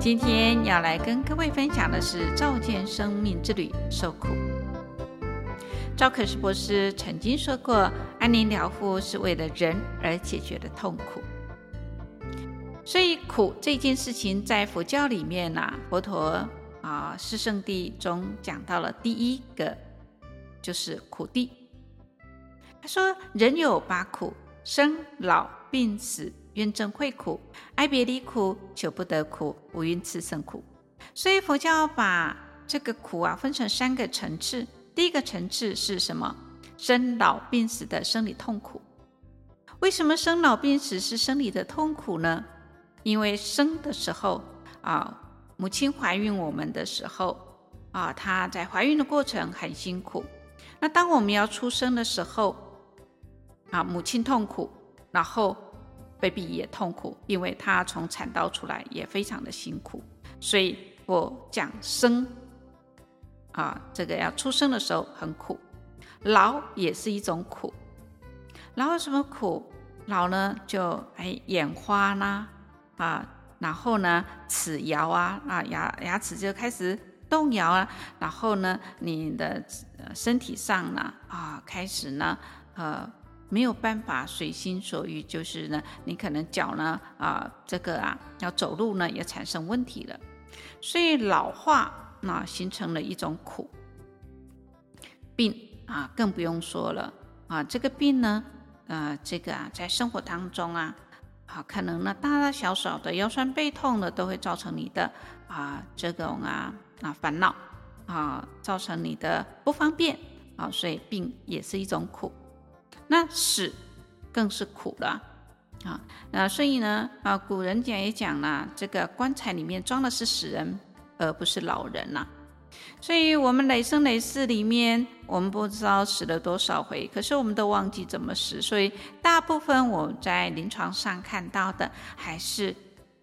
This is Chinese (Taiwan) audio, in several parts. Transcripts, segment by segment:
今天要來跟各位分享的是《照見生命之旅：受苦》。趙可式博士曾經說過：“安寧療護是為了人而解決的痛苦。”所以，苦這件事情在佛教裡面呢，佛陀啊，四聖諦中講到了第一個就是苦諦。他說：“人有八苦：生、老、病、死。”怨憎會苦，愛別離苦，求不得苦，五蘊熾盛苦。所以佛教把這個苦啊分成三個層次。第一個層次是什麼？生老病死的生理痛苦。為什麼生老病死是生理的痛苦呢？因為生的時候啊，母親懷孕我們的時候啊，她在懷孕的過程很辛苦。那當我們要出生的時候啊，母親痛苦，然後。Baby 也痛苦，因為他從產道出來也非常的辛苦，所以我講生，啊，這個要出生的時候很苦，老也是一種苦，老有什麼苦？老呢就哎眼花啦，啊，然後呢齒搖啊啊牙牙齒就開始動搖啊，然後呢你的身體上呢啊開始呢呃。沒有辦法隨心所欲，就是呢，你可能腳呢啊、呃，這個啊要走路呢也產生問題了，所以老化那、呃、形成了一種苦病啊、呃，更不用說了啊、呃，這個病呢，啊、呃，這個、啊、在生活當中啊啊、呃，可能呢大大小小的腰酸背痛的都會造成你的啊、呃、這種啊啊煩惱啊、呃，造成你的不方便啊、呃，所以病也是一種苦。那死更是苦了啊！那所以呢，啊，古人講也講了，這個棺材裡面裝的是死人，而不是老人吶、啊。所以，我們累生累世裡面，我們不知道死了多少回，可是我們都忘記怎麼死。所以，大部分我在臨床上看到的，還是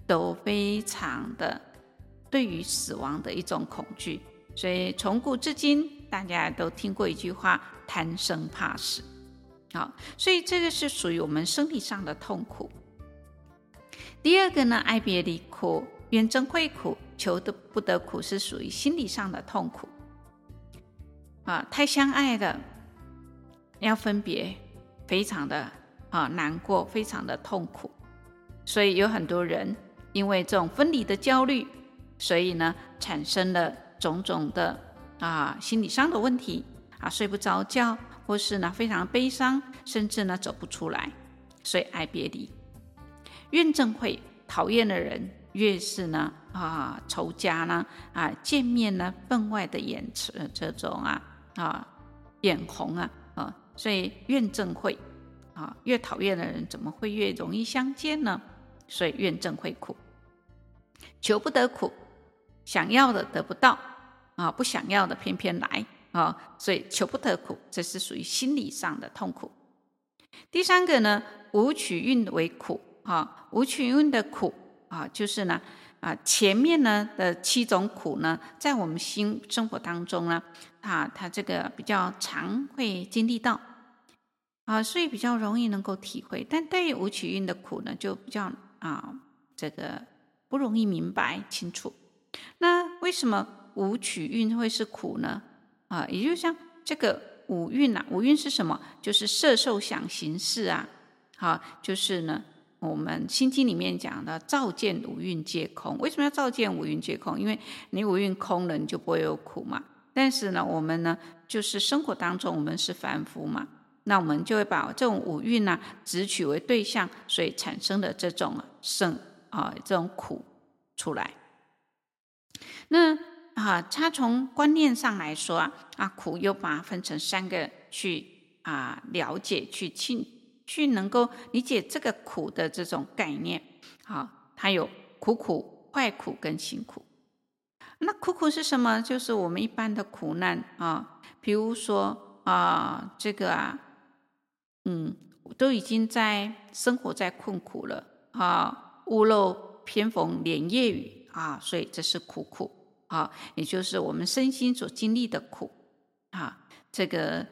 都非常的對於死亡的一種恐懼。所以，從古至今，大家都聽過一句話：貪生怕死。好，所以這個是屬於我們生理上的痛苦。第二個呢，愛別離苦、怨憎會苦、求得不得苦，是屬於心理上的痛苦。啊，太相愛了，要分別，非常的啊難過，非常的痛苦。所以有很多人因為這種分離的焦慮，所以呢產生了種種的啊心理上的問題，啊睡不着覺。或是呢，非常悲傷，甚至呢，走不出來，所以愛別離。怨憎會，討厭的人越是呢，啊，仇家呢，啊，見面呢，分外的眼，此這種啊，啊，眼紅啊，啊，所以怨憎會，啊，越討厭的人，怎麼會越容易相見呢？所以怨憎會苦，求不得苦，想要的得不到，啊，不想要的偏偏來。啊、哦，所以求不得苦，這是屬於心理上的痛苦。第三個呢，五取蘊為苦，啊、哦，五取蘊的苦啊、哦，就是呢，啊，前面呢的七種苦呢，在我們心生活當中呢，啊，它這個比較常會經歷到，啊，所以比較容易能夠體會。但對於五取蘊的苦呢，就比較啊，這個不容易明白清楚。那為什麼五取蘊會是苦呢？啊，也就像這個五蘊啊，五蘊是什麼？就是色、受、想、行、識啊。好、啊，就是呢，我們心經裡面講的“照見五蘊皆空”。為什麼要照見五蘊皆空？因為你五蘊空了，你就不會有苦嘛。但是呢，我們呢，就是生活當中，我們是凡夫嘛，那我們就會把這種五蘊吶、啊，執取為對象，所以產生的這種生啊，這種苦出來。那。啊，他從觀念上來說啊，啊，苦又把它分成三個去啊了解、去清、去能夠理解這個苦的這種概念。啊，它有苦苦、壞苦跟行苦。那苦苦是什麼？就是我們一般的苦難啊，比如說啊，這個啊，嗯，都已經在生活在困苦了啊，屋漏偏逢連夜雨啊，所以這是苦苦。啊、哦，也就是我們身心所經歷的苦，啊，這個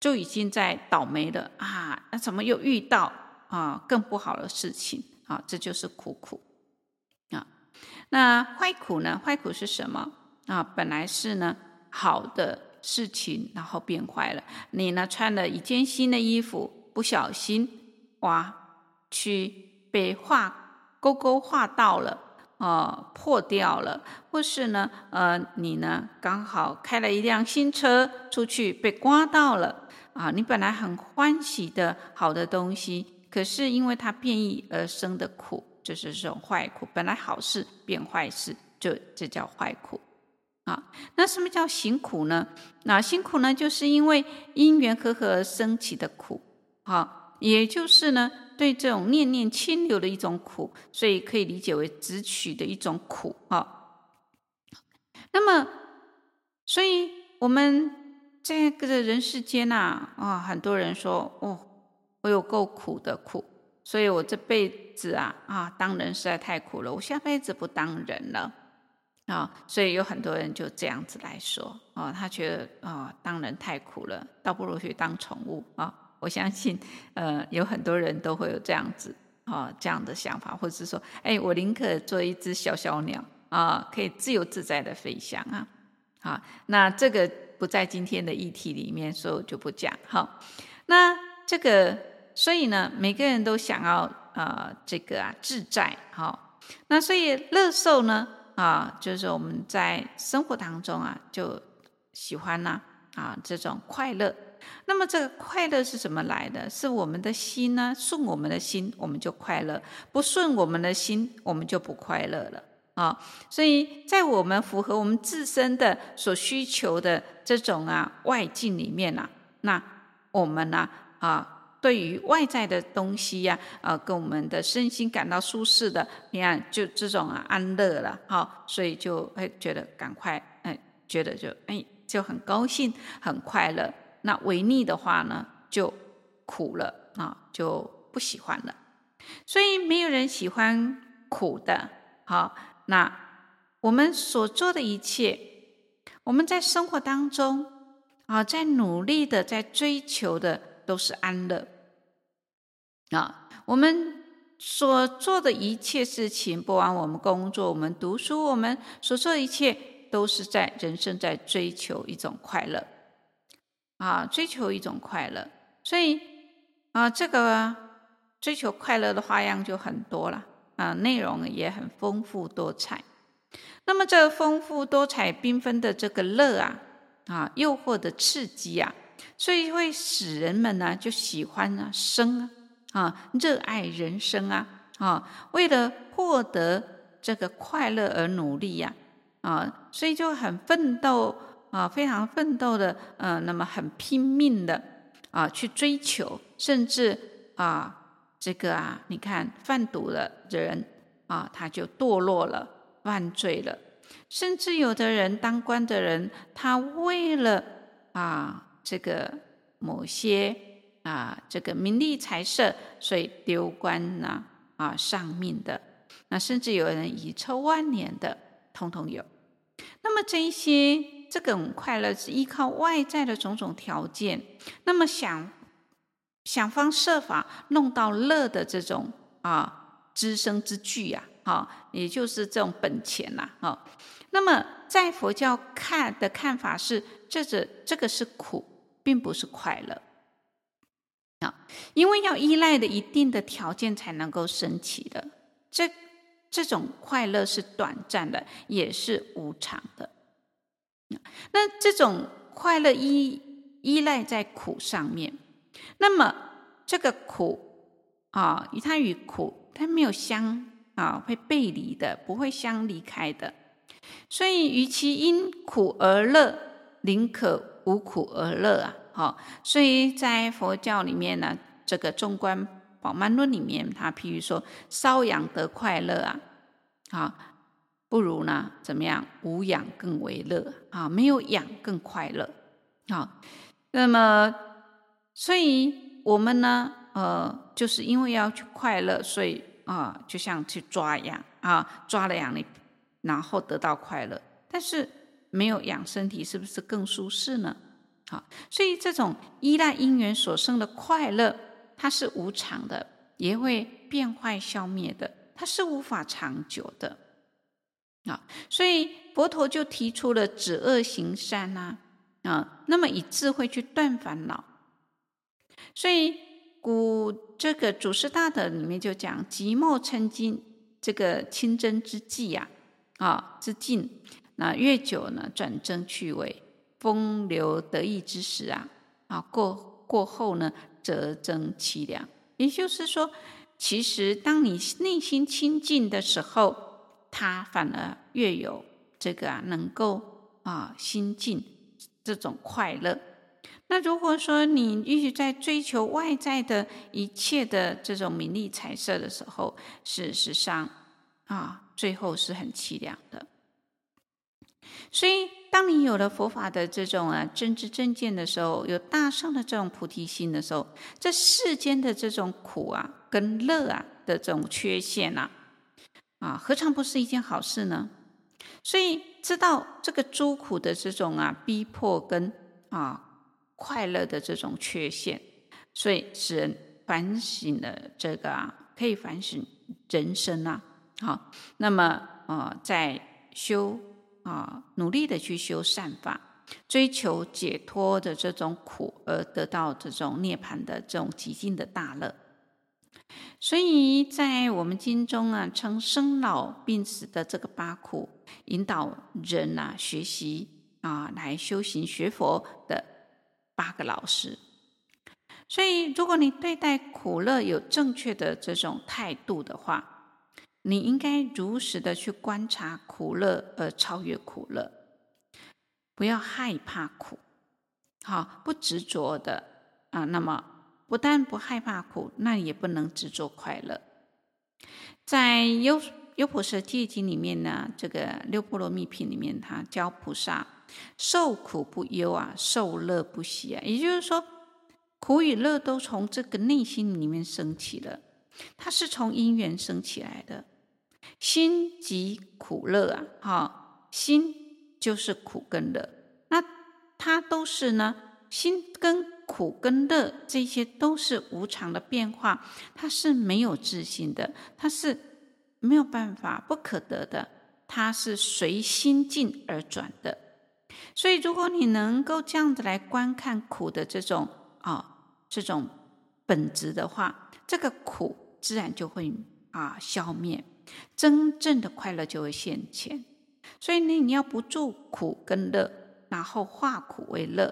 就已經在倒霉了啊，那、啊、怎麼又遇到啊更不好的事情啊？這就是苦苦啊。那壞苦呢？壞苦是什麼啊？本來是呢好的事情，然後變壞了。你呢穿了一件新的衣服，不小心哇去被劃勾勾劃到了。哦，破掉了，或是呢，呃，你呢剛好開了一輛新車出去被刮到了啊！你本來很歡喜的好的東西，可是因為它變異而生的苦，就是這種壞苦。本來好事變壞事，就這叫壞苦啊。那什麼叫行苦呢？那行苦呢，就是因為因緣和合而生起的苦，啊也就是呢。對這種念念遷流的一種苦，所以可以理解為執取的一種苦啊、哦。那麼，所以我們在這個人世間吶、啊，啊、哦，很多人說，哦，我有夠苦的苦，所以我這輩子啊，啊，當人實在太苦了，我下輩子不當人了啊、哦。所以有很多人就這樣子來說，啊、哦，他覺得啊、哦，當人太苦了，倒不如去當寵物啊。哦我相信，呃，有很多人都會有這樣子啊這樣的想法，或者是說，哎，我寧可做一隻小小鳥啊，可以自由自在的飛翔啊啊。那這個不在今天的議題裡面，所以我就不講哈、啊。那這個，所以呢，每個人都想要啊這個啊自在哈、啊。那所以樂受呢啊，就是我們在生活當中啊就喜歡呢啊，啊這種快樂。那麼這個快樂是怎麼來的？是我們的心呢、啊？順我們的心，我們就快樂；不順我們的心，我們就不快樂了啊、哦！所以在我們符合我們自身的所需求的這種啊外境裡面吶、啊，那我們呢啊，啊，對於外在的東西呀、啊，啊，跟我們的身心感到舒適的，你看，就這種、啊、安樂了，好、哦，所以就會覺得趕快，哎，覺得就哎就很高興，很快樂。那違逆的話呢，就苦了啊，就不喜歡了。所以沒有人喜歡苦的。好，啊，那我們所做的一切，我們在生活當中啊，在努力的，在追求的，都是安樂。啊，我們所做的一切事情，不管我們工作、我們讀書，我們所做的一切，都是在人生在追求一種快樂。啊，追求一種快樂，所以啊，這個、啊、追求快樂的花樣就很多了啊，內容也很豐富多彩。那麼，這豐富多彩、繽紛的這個樂啊，啊，誘惑的刺激啊，所以會使人們呢、啊，就喜歡啊生啊啊，熱愛人生啊啊，為了獲得這個快樂而努力呀啊，啊，所以就很奮鬥。啊，非常奮鬥的，嗯、呃，那麼很拼命的啊、呃，去追求，甚至啊、呃，這個啊，你看販毒的人啊、呃，他就墮落了，犯罪了，甚至有的人當官的人，他為了啊、呃，這個某些啊、呃，這個名利財色，所以丟官吶，啊，喪、呃、命的，那甚至有人遺臭萬年的，通通有。那麼這一些。這個快樂是依靠外在的種種條件，那麼想想方設法弄到樂的這種啊，資生之具呀，啊，啊，也就是這種本錢吶，啊，啊。那麼在佛教看的看法是，這這這個是苦，並不是快樂啊，因為要依賴的一定的條件才能夠生起的，這這種快樂是短暫的，也是無常的。那這種快樂依依賴在苦上面，那麼這個苦啊，與、哦、他與苦，它沒有相啊、哦，會背離的，不會相離開的。所以，與其因苦而樂，寧可無苦而樂啊！好、哦，所以在佛教裡面呢，這個《中觀寶鬘論》裡面，他譬如說，搔癢得快樂啊，好、哦。不如呢？怎麼樣？無癢更為樂啊！沒有癢更快樂。好、哦，那麼，所以我們呢，呃，就是因為要去快樂，所以啊、呃，就像去抓癢啊，抓了癢了，你然後得到快樂。但是沒有癢身體，是不是更舒適呢？好、哦，所以這種依賴因緣所生的快樂，它是無常的，也會變壞、消滅的，它是無法長久的。啊，所以佛陀就提出了止惡行善吶，啊，那麼以智慧去斷煩惱。所以古這個祖師大德裡面就講“寂寞清真”，這個清真之際呀，啊，啊，之境。那越久呢，轉增趣味，風流得意之時啊，啊，過過後呢，則增淒涼。也就是說，其實當你內心清淨的時候。他反而越有這個啊，能夠啊心境這種快樂。那如果說你一直在追求外在的一切的這種名利財色的時候，事實上啊，最後是很淒涼的。所以，當你有了佛法的這種啊正知正見的時候，有大乘的這種菩提心的時候，這世間的這種苦啊、跟樂啊的這種缺陷吶、啊。啊，何嘗不是一件好事呢？所以知道這個諸苦的這種啊逼迫跟啊快樂的這種缺陷，所以使人反省了這個、啊、可以反省人生啊。好、啊，那麼啊，在修啊努力的去修善法，追求解脫的這種苦而得到這種涅槃的這種極盡的大樂。所以在我們經中啊，稱生老病死的這個八苦，引導人吶學習啊來修行學佛的八個老師。所以，如果你對待苦樂有正確的這種態度的話，你應該如實的去觀察苦樂，而超越苦樂，不要害怕苦，好，不執著的啊，那麼。不但不害怕苦，那也不能執著快樂。在優優婆塞戒經裡面呢，這個六波羅蜜品裡面，他教菩薩受苦不憂啊，受樂不喜啊。也就是說，苦與樂都從這個內心裡面升起了，它是從因緣生起來的。心即苦樂啊，哈、哦，心就是苦跟樂，那它都是呢，心跟。苦跟樂這些都是無常的變化，它是沒有自性的，它是沒有辦法不可得的，它是隨心境而轉的。所以，如果你能夠這樣子來觀看苦的這種啊這種本質的話，這個苦自然就會啊消滅，真正的快樂就會現前。所以呢，你要不住苦跟樂，然後化苦為樂。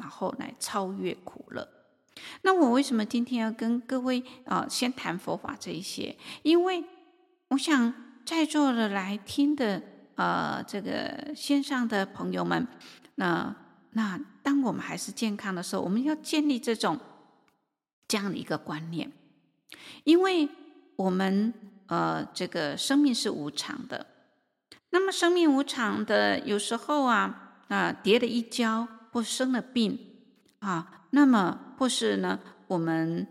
然後來超越苦樂。那我為什麼今天要跟各位啊、呃，先談佛法這一些？因為我想在座的來聽的，啊、呃、這個線上的朋友們，那、呃、那當我們還是健康的時候，我們要建立這種這樣的一個觀念，因為我們呃，這個生命是無常的。那麼生命無常的，有時候啊啊、呃，跌了一跤。或生了病啊，那麼或是呢，我們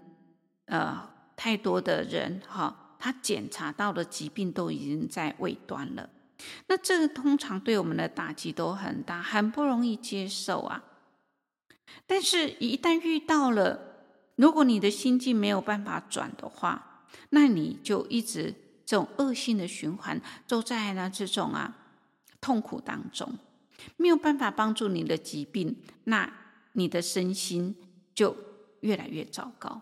呃太多的人哈、啊，他檢查到的疾病都已經在末端了。那這個通常對我們的打擊都很大，很不容易接受啊。但是，一旦遇到了，如果你的心境沒有辦法轉的話，那你就一直這種惡性的循環，都在呢這種啊痛苦當中。沒有辦法幫助你的疾病，那你的身心就越來越糟糕。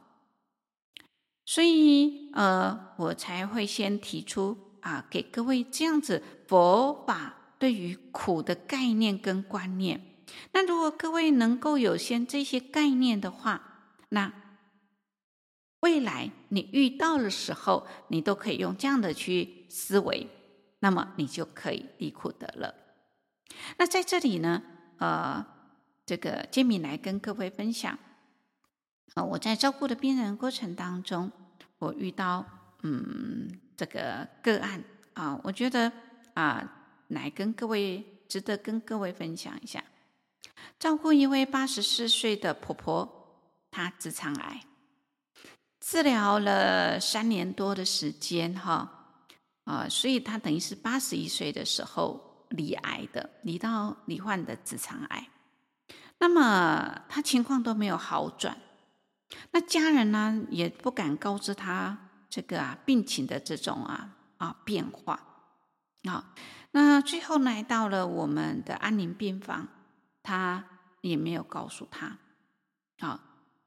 所以，呃，我才會先提出啊，給各位這樣子佛法對於苦的概念跟觀念。那如果各位能夠有先這些概念的話，那未來你遇到的時候，你都可以用這樣的去思維，那麼你就可以離苦得樂。那在這裡呢，呃，這個杰米來跟各位分享，啊、呃，我在照顧的病人過程當中，我遇到嗯這個個案啊、呃，我覺得啊、呃，來跟各位值得跟各位分享一下，照顧一位八十四歲的婆婆，她直腸癌，治療了三年多的時間，哈、哦，啊、呃，所以她等於是八十一歲的時候。罹癌的，罹到罹患的直腸癌，那麼他情況都沒有好轉，那家人呢、啊、也不敢告知他這個啊病情的這種啊啊變化啊，那最後來到了我們的安寧病房，他也沒有告訴他，啊，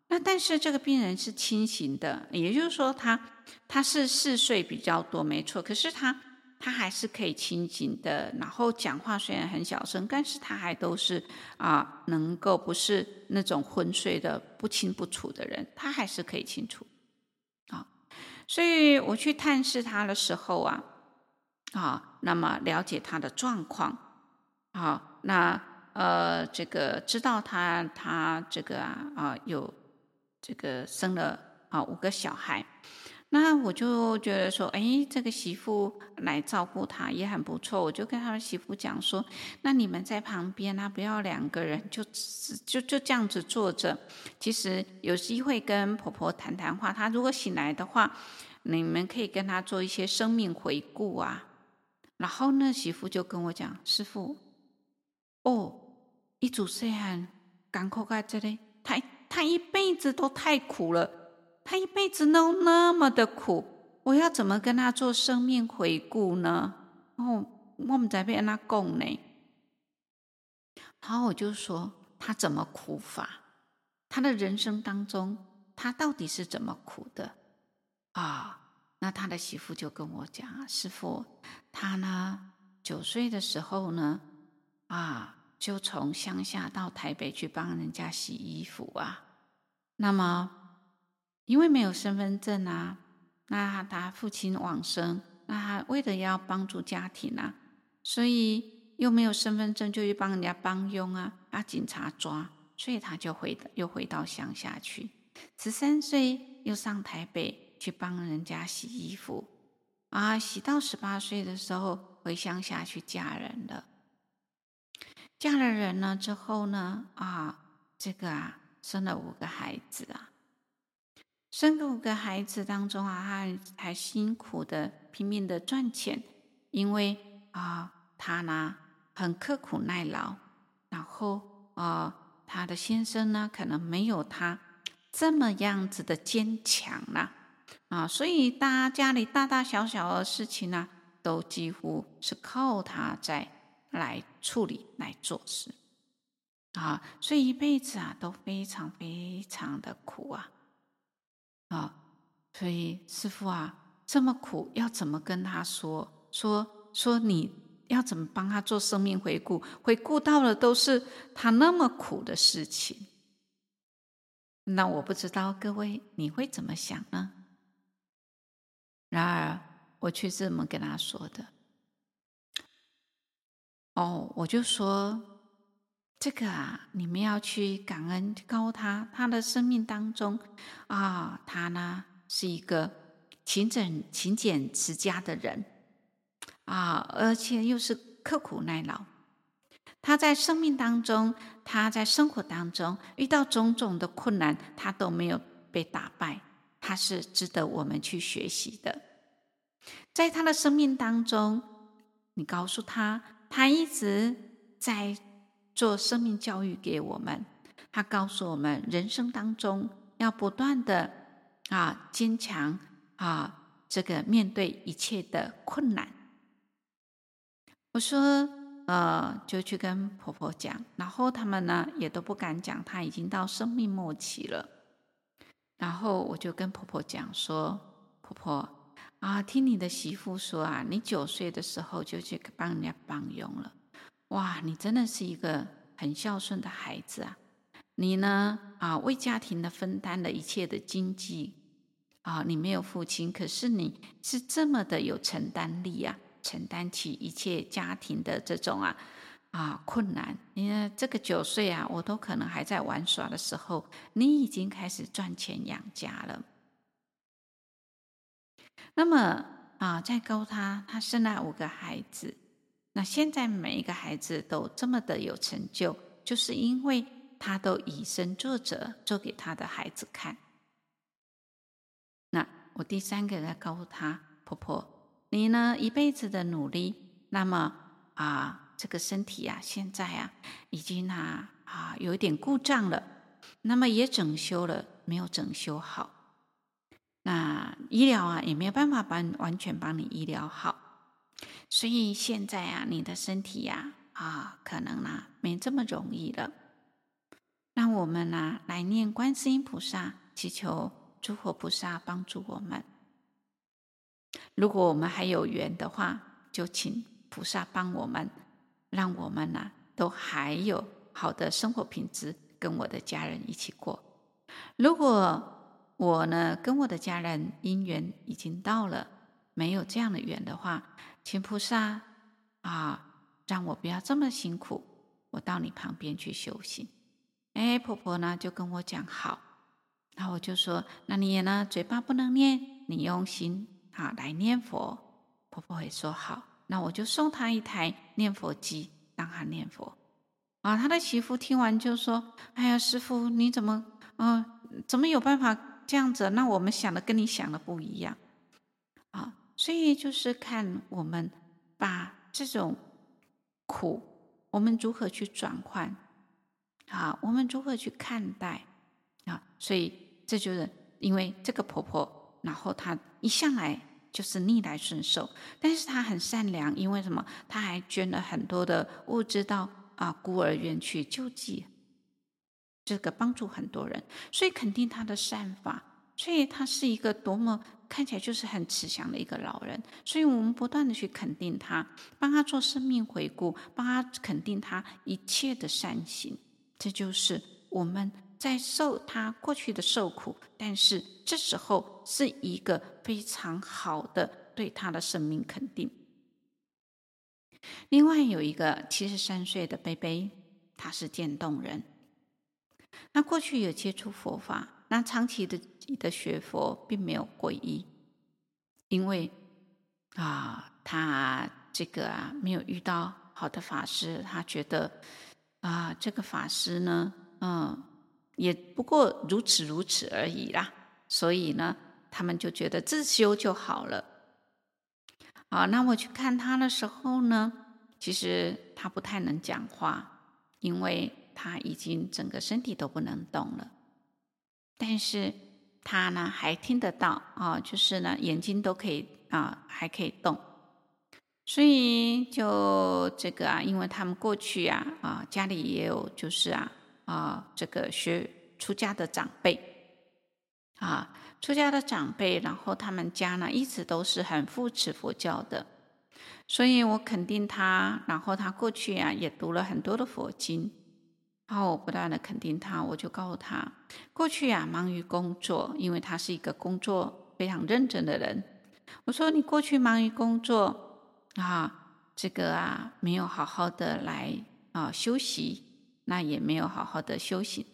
那但是這個病人是清醒的，也就是說他他是嗜睡比較多，沒錯，可是他。他還是可以清醒的，然後講話雖然很小聲，但是他還都是啊、呃，能夠不是那種昏睡的不清不楚的人，他還是可以清楚啊、哦。所以我去探視他的時候啊，啊、哦，那麼了解他的狀況啊、哦，那呃，這個知道他他這個啊、呃、有這個生了啊、哦、五個小孩。那我就覺得說，哎，這個媳婦來照顧他也很不錯。我就跟他的媳婦講說，那你們在旁邊啊，不要兩個人就，就就就這樣子坐着。其實有機會跟婆婆談談話，她如果醒來的話，你們可以跟她做一些生命回顧啊。然後呢，媳婦就跟我講，師父，哦，一組雖然趕快快，這裡，她她一輩子都太苦了。他一輩子都那麼的苦，我要怎麼跟他做生命回顧呢？哦，我們在被他供呢。然後我就說他怎麼苦法？他的人生當中，他到底是怎麼苦的？啊，那他的媳婦就跟我講，師父，他呢九歲的時候呢，啊，就從鄉下到台北去幫人家洗衣服啊，那麼。因為沒有身份證啊，那他父親往生，那他為了要幫助家庭啊，所以又沒有身份證，就去幫人家幫傭啊，被、啊、警察抓，所以他就回又回到鄉下去。十三歲又上台北去幫人家洗衣服啊，洗到十八歲的時候回鄉下去嫁人了。嫁了人了之後呢啊，這個啊生了五個孩子啊。生個五個孩子當中啊，他還辛苦的拼命的賺錢，因為啊、呃，他呢很刻苦耐勞，然後啊、呃，他的先生呢可能沒有他這麼樣子的堅強了啊、呃，所以大家，家裡大大小小的事情呢，都幾乎是靠他在來處理來做事啊、呃，所以一輩子啊都非常非常的苦啊。啊，哦、所以師父啊，這麼苦，要怎麼跟他說？說說你要怎麼幫他做生命回顧？回顧到的都是他那麼苦的事情。那我不知道各位你會怎麼想呢？然而，我卻這麼跟他說的。哦，我就說。這個啊，你們要去感恩，告他，他的生命當中啊，他呢是一個勤儉勤儉持家的人啊，而且又是刻苦耐勞。他在生命當中，他在生活當中遇到種種的困難，他都沒有被打敗，他是值得我們去學習的。在他的生命當中，你告訴他，他一直在做生命教育給我們，他告訴我們，人生當中要不斷的啊堅強啊，這個面對一切的困難。我說，呃，就去跟婆婆講，然後他們呢也都不敢講，她已經到生命末期了。然後我就跟婆婆講說，婆婆啊，聽你的媳婦說啊，你九歲的時候就去幫人家幫傭了。哇，你真的是一個很孝順的孩子啊！你呢，啊，為家庭的分擔了一切的經濟啊，你沒有父親，可是你是這麼的有承擔力啊，承擔起一切家庭的這種啊啊困難。你呢這個九歲啊，我都可能還在玩耍，的時候，你已經開始賺錢養家了。那麼啊，在高他，他生了五個孩子。那現在每一個孩子都這麼的有成就，就是因為他都以身作則，做給他的孩子看。那我第三個來告訴他婆婆：“你呢一輩子的努力，那麼啊，這個身體啊，現在啊，已經啊啊有一點故障了，那麼也整修了，沒有整修好。那醫療啊，也沒有辦法幫完全幫你醫療好。”所以現在啊，你的身體呀、啊，啊，可能呢、啊、沒這麼容易了。那我們呢、啊，來念觀世音菩薩，祈求諸佛菩薩幫助我們。如果我們還有緣的話，就請菩薩幫我們，讓我們呢、啊、都還有好的生活品質，跟我的家人一起過。如果我呢跟我的家人因緣已經到了，沒有這樣的緣的話，請菩薩啊，讓我不要這麼辛苦，我到你旁邊去修行。哎，婆婆呢就跟我講好，那我就說，那你也呢嘴巴不能念，你用心啊來念佛。婆婆會說好，那我就送她一台念佛機，讓她念佛。啊，她的媳婦聽完就說：“哎呀，師父你怎麼嗯、呃、怎麼有辦法這樣子？那我們想的跟你想的不一樣。”所以就是看我們把這種苦，我們如何去轉換，啊，我們如何去看待啊？所以這就是因為這個婆婆，然後她一向來就是逆來順受，但是她很善良，因為什麼？她還捐了很多的物資到啊孤兒院去救濟，這個幫助很多人，所以肯定她的善法。所以他是一個多麼看起來就是很慈祥的一個老人，所以我們不斷的去肯定他，幫他做生命回顧，幫他肯定他一切的善行。這就是我們在受他過去的受苦，但是這時候是一個非常好的對他的生命肯定。另外有一個七十三歲的伯伯，他是漸凍人，那過去有接觸佛法，那長期的。你的學佛並沒有皈依，因為啊，他這個啊沒有遇到好的法師，他覺得啊，這個法師呢，嗯，也不過如此如此而已啦。所以呢，他們就覺得自修就好了。好，啊，那我去看他的時候呢，其實他不太能講話，因為他已經整個身體都不能動了，但是。他呢還聽得到啊、呃，就是呢眼睛都可以啊、呃，還可以動，所以就這個啊，因為他們過去呀啊、呃、家裡也有就是啊啊、呃、這個學出家的長輩啊、呃、出家的長輩，然後他們家呢一直都是很扶持佛教的，所以我肯定他，然後他過去啊也讀了很多的佛經。然後，我不斷的肯定他，我就告訴他，過去啊，忙於工作，因為他是一個工作非常認真的人。我說，你過去忙於工作啊，這個啊，沒有好好的來啊休息，那也沒有好好的休息，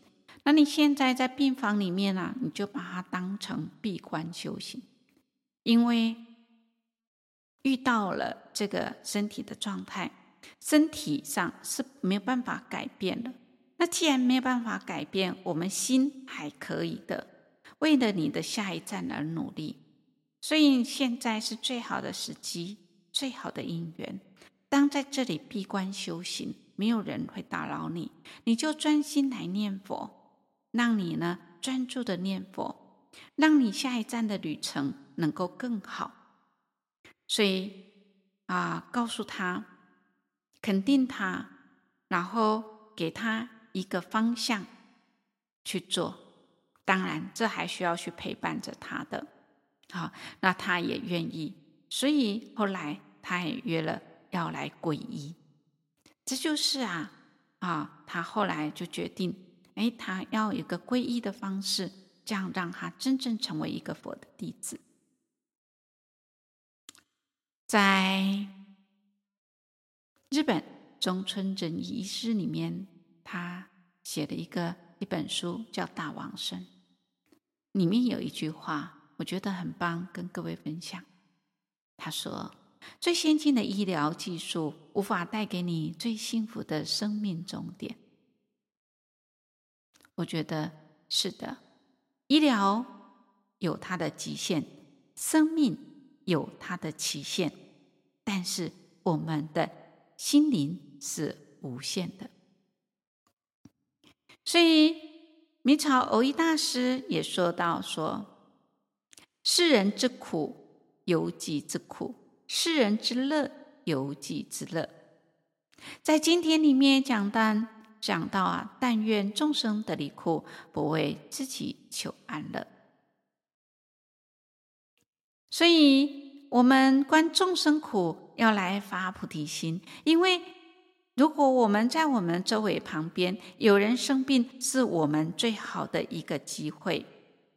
那你現在在病房裡面呢，啊，你就把它當成閉關修行，因為遇到了這個身體的狀態，身體上是沒有辦法改變的。那既然沒有辦法改變，我們心還可以的，為了你的下一站而努力，所以現在是最好的時機，最好的因緣，當在這裡閉關修行，沒有人會打擾你，你就專心來念佛，讓你呢專注地念佛，讓你下一站的旅程能夠更好。所以啊、呃，告訴他，肯定他，然後給他，一個方向去做，當然這還需要去陪伴着他的。好，那他也願意，所以後來他也約了要來皈依，這就是啊啊，他後來就決定，哎，他要有一個皈依的方式，這樣讓他真正成為一個佛的弟子。在日本中村仁一師裡面，他寫了一個一本書，叫《大往生》，裡面有一句話，我覺得很棒，跟各位分享。他說：“最先進的醫療技術無法帶給你最幸福的生命終點。”我覺得是的，醫療有它的極限，生命有它的期限，但是我們的心靈是無限的。所以，明朝蕅益大師也說到：“說視人之苦，猶己之苦；視人之樂，猶己之樂。”在今天裡面講到，講到啊，但願眾生得離苦，不為自己求安樂。所以，我們觀眾生苦，要來發菩提心，因為。如果我們在我們周圍旁邊有人生病，是我們最好的一個機會。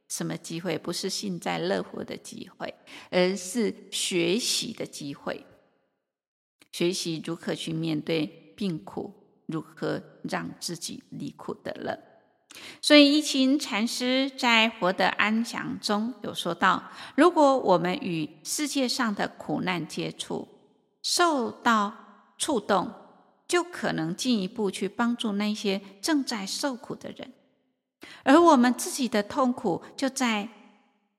什麼機會？不是幸災樂禍的機會，而是學習的機會。學習如何去面對病苦，如何讓自己離苦得樂。所以，一行禪師在《活得安詳》中有說到：如果我們與世界上的苦難接觸，受到觸動。就可能進一步去幫助那些正在受苦的人，而我們自己的痛苦就在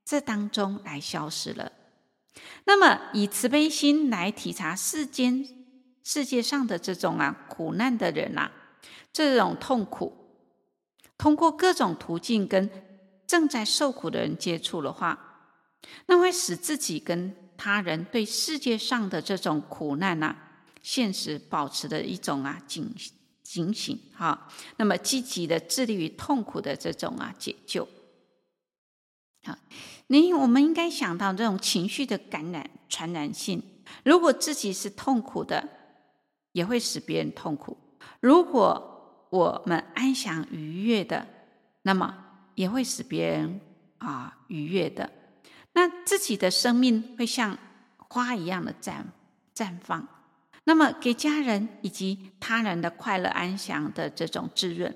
這當中來消失了。那麼，以慈悲心來體察世間世界上的這種啊苦難的人啊，這種痛苦，通過各種途徑跟正在受苦的人接觸的話，那會使自己跟他人對世界上的這種苦難啊現實保持的一種啊警警醒哈、啊，那麼積極的致力於痛苦的這種啊解救。好，您我們應該想到這種情緒的感染傳染性。如果自己是痛苦的，也會使別人痛苦；如果我們安詳愉悅的，那麼也會使別人啊愉悅的。那自己的生命會像花一樣的綻綻放。那麼，給家人以及他人的快樂安詳的這種滋潤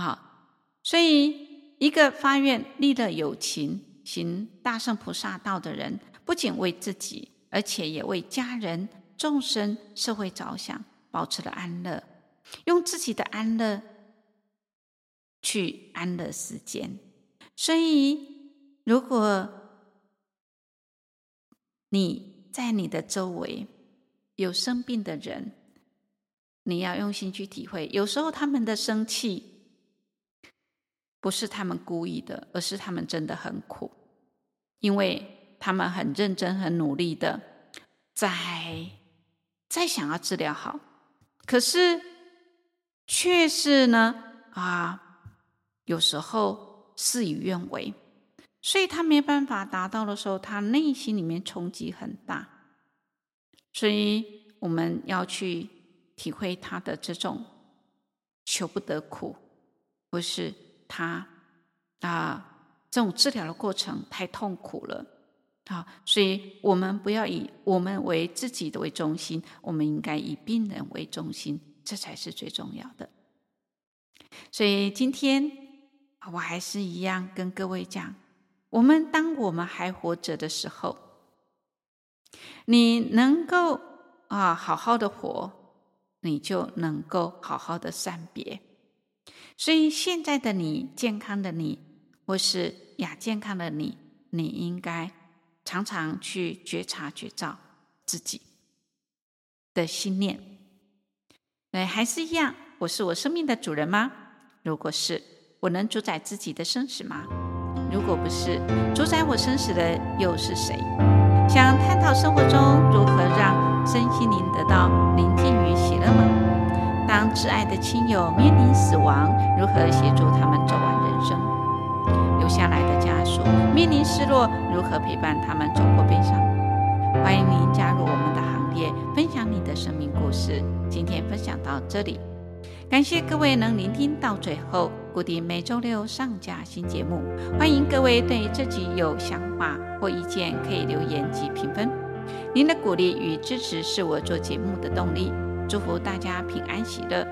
啊，所以，一個發願利樂有情、行大乘菩薩道的人，不僅為自己，而且也為家人、眾生、社會着想，保持了安樂，用自己的安樂去安樂世間。所以，如果你在你的周圍，有生病的人，你要用心去體會。有時候他們的生氣不是他們故意的，而是他們真的很苦，因為他們很認真、很努力的在在想要治療好，可是卻是呢啊，有時候事與願違，所以他沒辦法達到的時候，他內心裡面衝擊很大。所以我們要去體會他的這種求不得苦，不是他啊這種治療的過程太痛苦了啊。所以我們不要以我們為自己的為中心，我們應該以病人為中心，這才是最重要的。所以今天我還是一樣跟各位講，我們當我們還活着的時候。你能夠啊好好的活，你就能夠好好的善別。所以現在的你，健康的你，或是亞健康的你，你應該常常去覺察覺照自己的心念。誒，還是一樣，我是我生命的主人嗎？如果是，我能主宰自己的生死嗎？如果不是，主宰我生死的又是誰？想探討生活中如何讓身心靈得到寧靜與喜樂嗎？當摯愛的親友面臨死亡，如何協助他們走完人生？留下來的家屬面臨失落，如何陪伴他們走過悲傷？歡迎您加入我們的行列，分享你的生命故事。今天分享到這裡。感謝各位能聆聽到最後，固定每週六上架新節目。歡迎各位對這集有想法或意見，可以留言及評分。您的鼓勵與支持是我做節目的動力。祝福大家平安喜樂，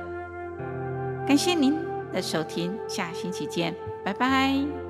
感謝您的收聽，下星期見，拜拜。